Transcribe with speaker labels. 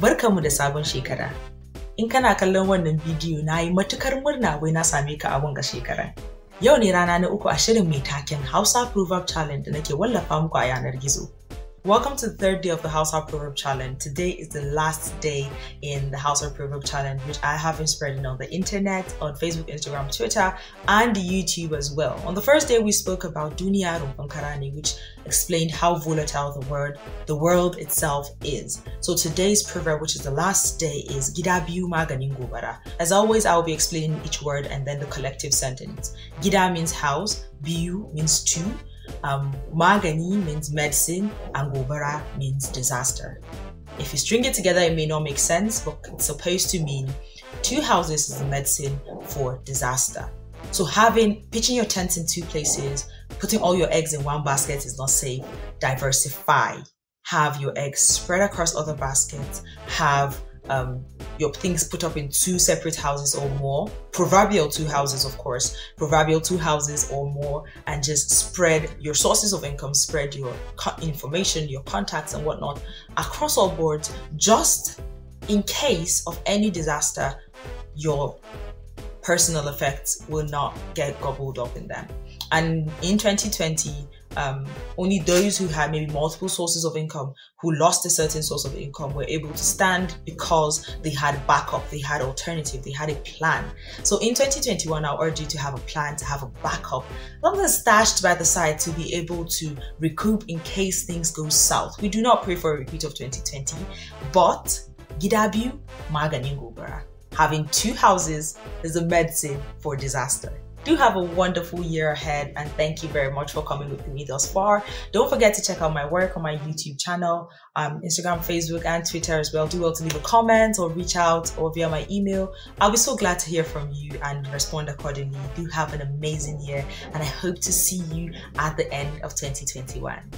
Speaker 1: Barkanmu da sabon shekara. In kana kallon wannan bidiyo na yi matukar murna wai na same ka abun ga shekara. Yau ne rana na uku a shirin mai taken Hausa Proverb Challenge da nake wallafa muku a yanar gizo. Welcome to the third day of the Household Proverb Challenge. Today is the last day in the Household Proverb Challenge, which I have been spreading on the internet, on Facebook, Instagram, Twitter, and YouTube as well. On the first day, we spoke about Dunia Rumpankarani, which explained how volatile the word, the world itself is. So today's proverb, which is the last day, is Gidabiu Maganingubara. As always, I will be explaining each word and then the collective sentence. Gida means house, biu means two. Um, magani means medicine, and gobara means disaster. If you string it together, it may not make sense, but it's supposed to mean two houses is the medicine for disaster. So having pitching your tents in two places, putting all your eggs in one basket is not safe. Diversify. Have your eggs spread across other baskets. Have um, your things put up in two separate houses or more, proverbial two houses, of course, proverbial two houses or more, and just spread your sources of income, spread your information, your contacts, and whatnot across all boards, just in case of any disaster, your personal effects will not get gobbled up in them. And in 2020, um, only those who had maybe multiple sources of income who lost a certain source of income were able to stand because they had backup they had alternative they had a plan so in 2021 i urge you to have a plan to have a backup something stashed by the side to be able to recoup in case things go south we do not pray for a repeat of 2020 but gidabu maganin having two houses is a medicine for disaster do have a wonderful year ahead and thank you very much for coming with me thus far. Don't forget to check out my work on my YouTube channel, um, Instagram, Facebook, and Twitter as well. Do well to leave a comment or reach out or via my email. I'll be so glad to hear from you and respond accordingly. Do have an amazing year and I hope to see you at the end of 2021.